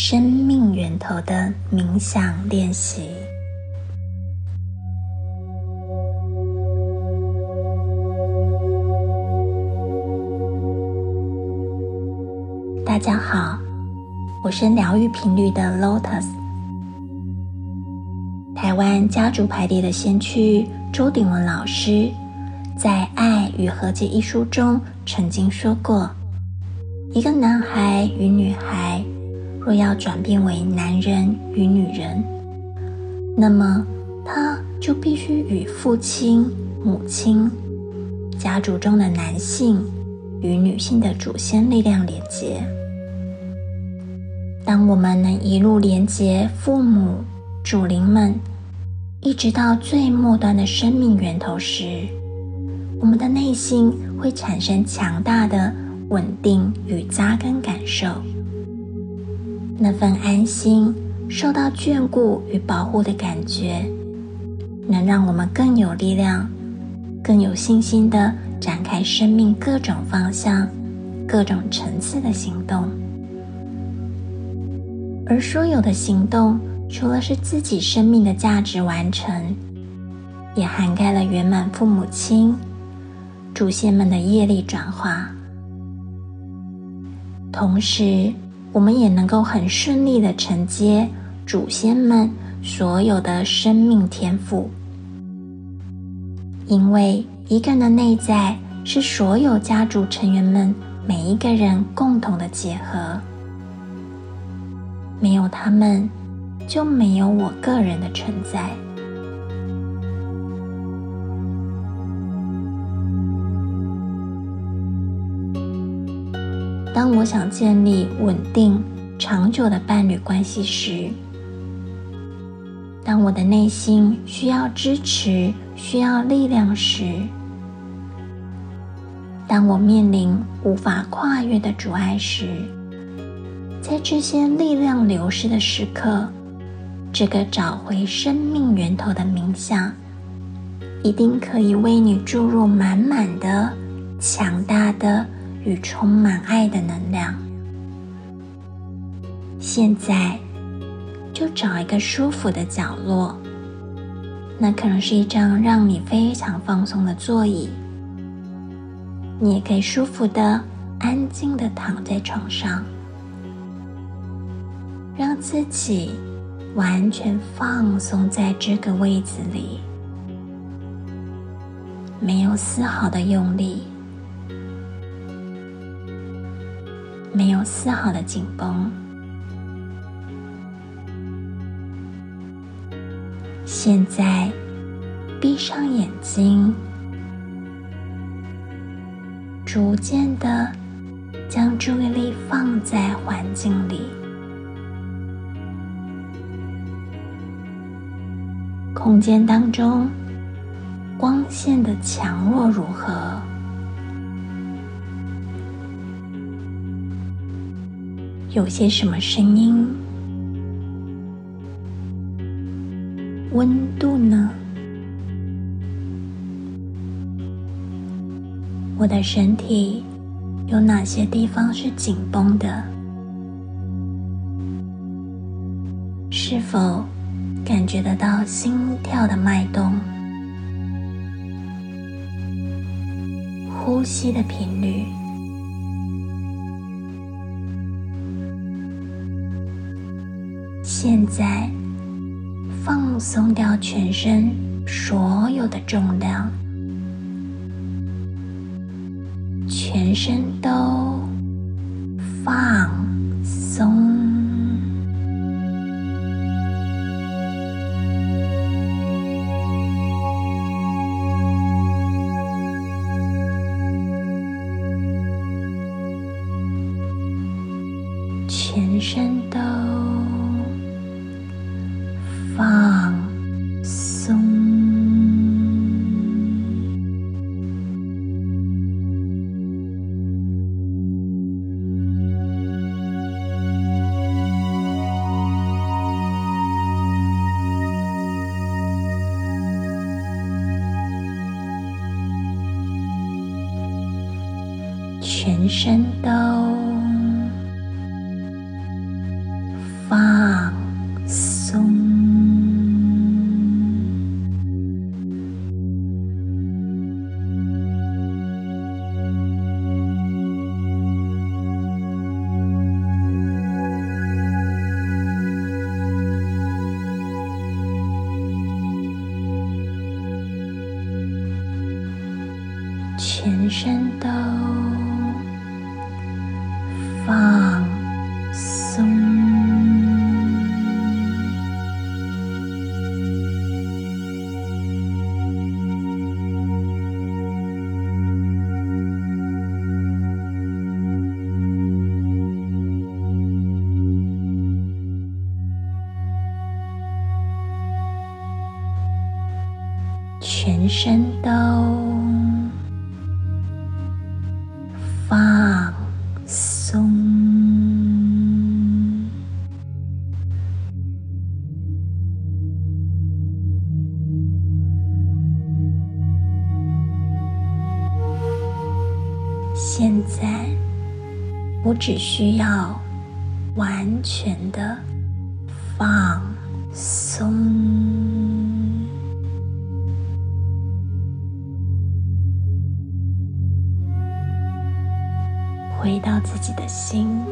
生命源頭的冥想練習。大家好，我是療癒頻率的 Lotus。台灣家族排列的先驅周鼎文老師在《愛與和解》一書中曾經說過：“一個男孩與女孩。”若要轉變為男人與女人，那麼他就必須與父親、母親、家族中的男性與女性的祖先力量連接。當我們能一路連接父母、祖靈們，一直到最末端的生命源頭時，我們的內心會產生強大的穩定與扎根感受。那份安心、受到眷顧與保護的感覺，能讓我們更有力量、更有信心的展開生命各種方向、各種層次的行動。而所有的行動，除了是自己生命的價值完成，也涵蓋了圓滿父母親、祖先們的業力轉化。同時，我們也能夠很順利地承接祖先們所有的生命天賦，因為一個人的內在是所有家族成員們每一個人共同的結合，沒有他們，就沒有我個人的存在。當我想建立穩定、長久的伴侶關係時，當我的內心需要支持、需要力量時，當我面臨無法跨越的阻礙時，在這些力量流失的時刻，這個找回生命源頭的冥想，一定可以為你注入滿滿的、強大的，與充滿愛的能量。現在，就找一個舒服的角落，那可能是一張讓你非常放鬆的座椅。你也可以舒服的、安靜的躺在床上，讓自己完全放鬆在這個位置裡，沒有絲毫的用力。沒有絲毫的緊繃。現在，閉上眼睛，逐漸的將注意力放在環境裡。空間當中，光線的強弱如何？有些什麼聲音？溫度呢？我的身體有哪些地方是緊繃的？是否感覺得到心跳的脈動？呼吸的頻率？現在，放鬆掉全身所有的重量，全身都放。全身都放鬆。現在，我只需要完全的放鬆。回到自己的心，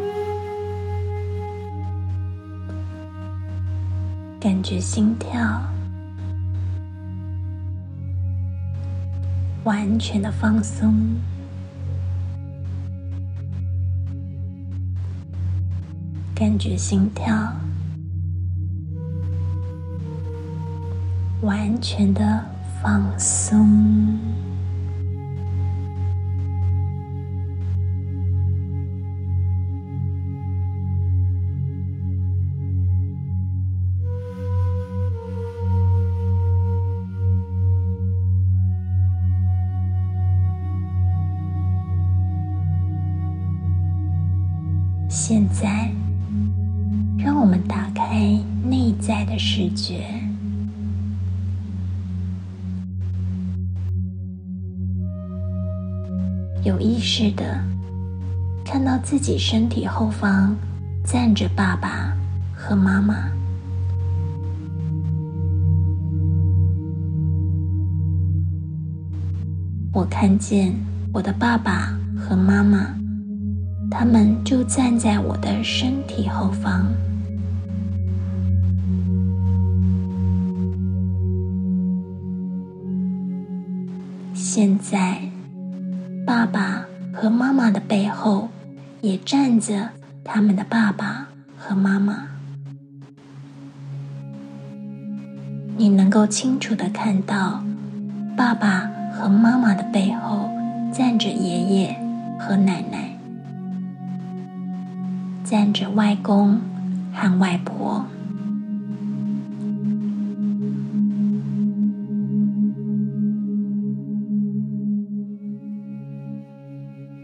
感覺心跳，完全的放鬆，感覺心跳，完全的放鬆。現在，讓我們打開內在的視覺，有意識的看到自己身體後方站着爸爸和媽媽。我看見我的爸爸和媽媽。他們就站在我的身體後方。現在，爸爸和媽媽的背後也站着他們的爸爸和媽媽。你能夠清楚的看到，爸爸和媽媽的背後站着爺爺和奶奶。站着外公和外婆，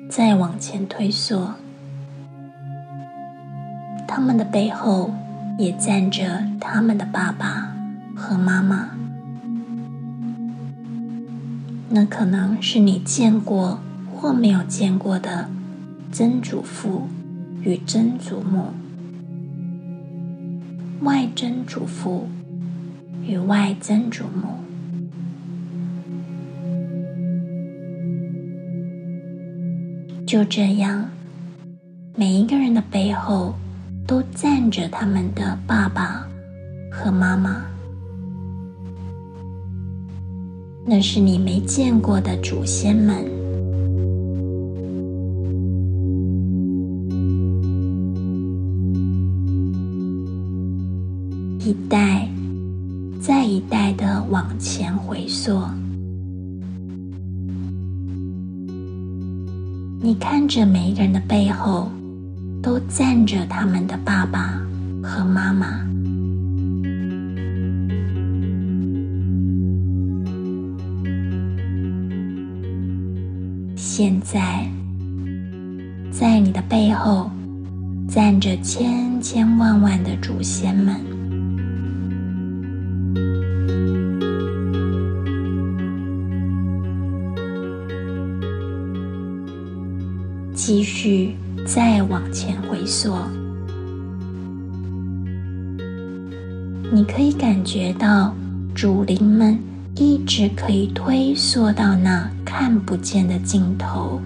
再往前推溯，他們的背後也站着他們的爸爸和媽媽，那可能是你見過或沒有見過的曾祖父。與曾祖母、外曾祖父與外曾祖母，就這樣，每一個人的背後都站着他們的爸爸和媽媽，那是你沒見過的祖先們。一代再一代的往前回溯，你看着每一個人的背後，都站着他們的爸爸和媽媽。現在，在你的背後，站着千千萬萬的祖先們。繼續再往前回溯，你可以感覺到祖靈們，一直可以推溯到那看不見的盡頭。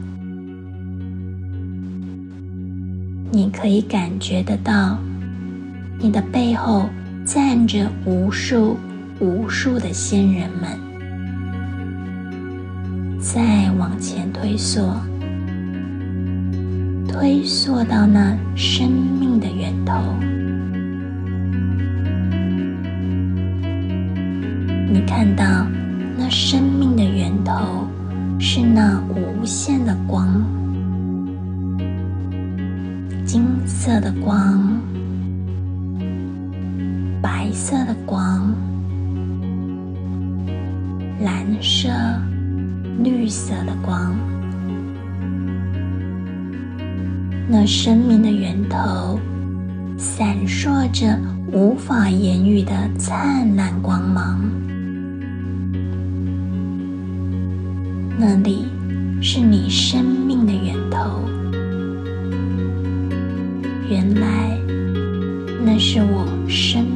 你可以感覺得到，你的背後站着無數無數的先人們。再往前推溯。推溯到那生命的源頭，你看到那生命的源頭是那無限的光，金色的光，白色的光，藍色、綠色的光。那生命的源頭，閃爍着無法言喻的燦爛光芒。那裡，是你生命的源頭。原來，那是我生命的源頭。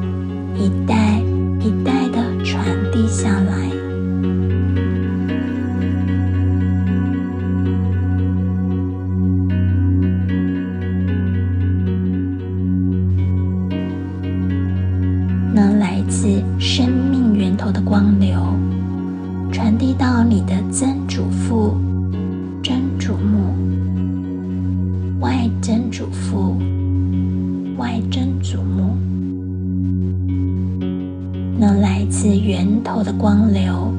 自源頭的光流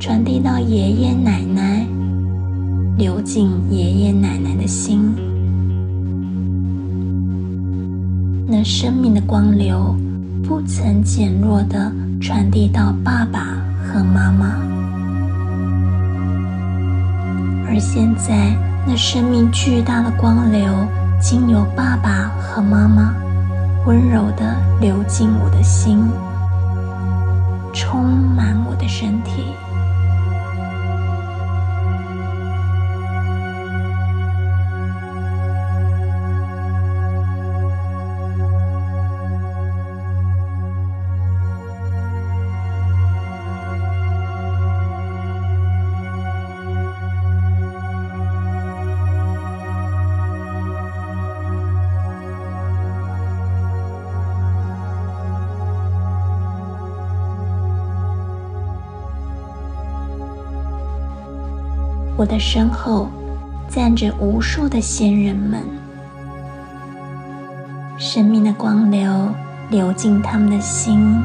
傳遞到爺爺奶奶，流進爺爺奶奶的心。那生命的光流不曾減弱地傳遞到爸爸和媽媽，而現在那生命巨大的光流經由爸爸和媽媽溫柔地流進我的心，充滿我的身體。我的身後站着無數的先人們，生命的光流流進他們的心，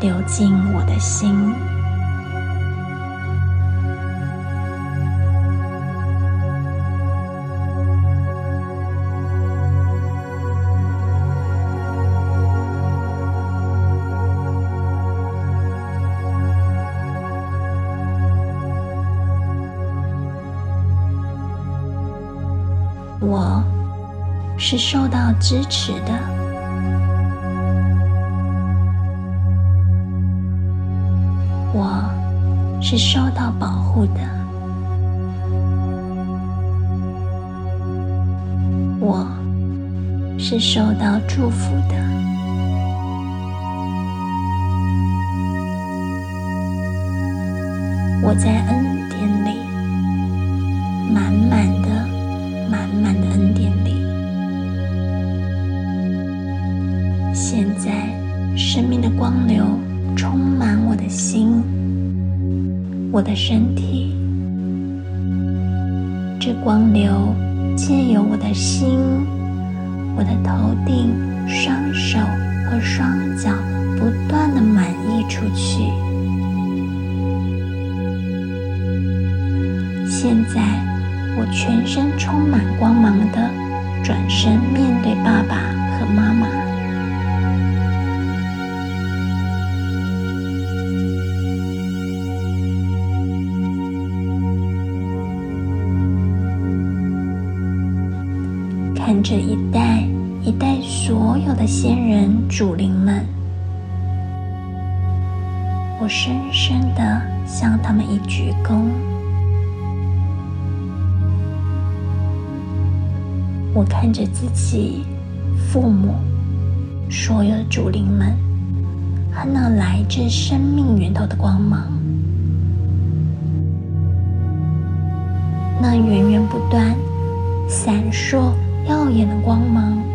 流進我的心。是受到支持的，我是受到保護的，我是受到祝福的，我在恩典裡滿滿。光流充滿我的心、我的身體。這光流借由我的心、我的頭頂、雙手和雙腳不斷的滿溢出去。現在，我全身充滿光芒的轉身面對爸爸和媽媽。祖靈們，我深深地向他們一鞠躬。我看着自己、父母，所有的祖靈們，和那來自生命源頭的光芒，那源源不斷、閃爍耀眼的光芒。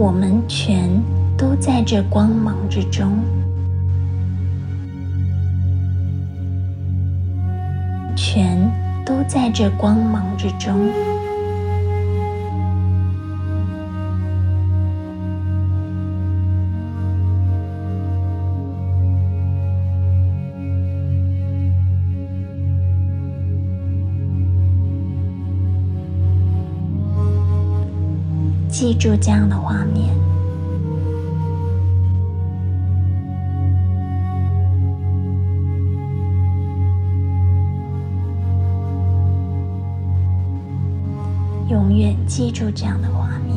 我們全都在這光芒之中，全都在這光芒之中。記住這樣的畫面，永遠記住這樣的畫面。